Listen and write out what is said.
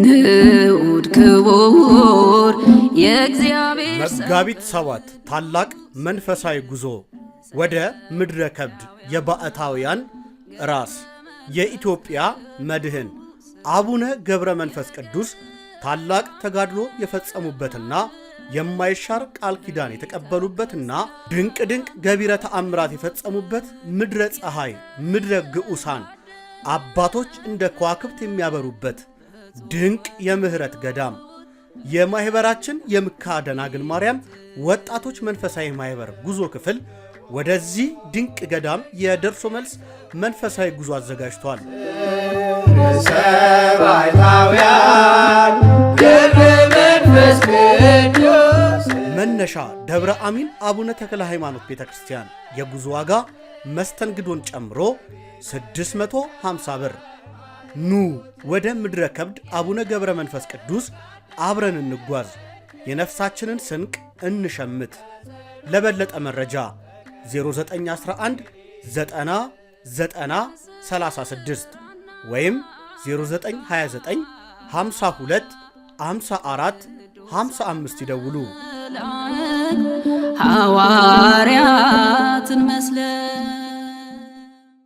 ንዑድ ክቡር የእግዚአብሔር መጋቢት ሰባት ታላቅ መንፈሳዊ ጉዞ ወደ ምድረ ከብድ የባዕታውያን ራስ የኢትዮጵያ መድህን አቡነ ገብረ መንፈስ ቅዱስ ታላቅ ተጋድሎ የፈጸሙበትና የማይሻር ቃል ኪዳን የተቀበሉበትና ድንቅ ድንቅ ገቢረ ተአምራት የፈጸሙበት ምድረ ፀሐይ ምድረ ግዑሳን አባቶች እንደ ከዋክብት የሚያበሩበት ድንቅ የምህረት ገዳም የማኅበራችን የምካ ደናግል ማርያም ወጣቶች መንፈሳዊ ማኅበር ጉዞ ክፍል ወደዚህ ድንቅ ገዳም የደርሶ መልስ መንፈሳዊ ጉዞ አዘጋጅቷል። መነሻ ደብረ አሚን አቡነ ተክለ ሃይማኖት ቤተ ክርስቲያን የጉዞ ዋጋ መስተንግዶን ጨምሮ 650 ብር ኑ ወደ ምድረ ከብድ አቡነ ገብረ መንፈስ ቅዱስ አብረን እንጓዝ፣ የነፍሳችንን ስንቅ እንሸምት። ለበለጠ መረጃ 0911 90 90 36 ወይም 0929 52 54 55 ይደውሉ። ሐዋርያትን መስለ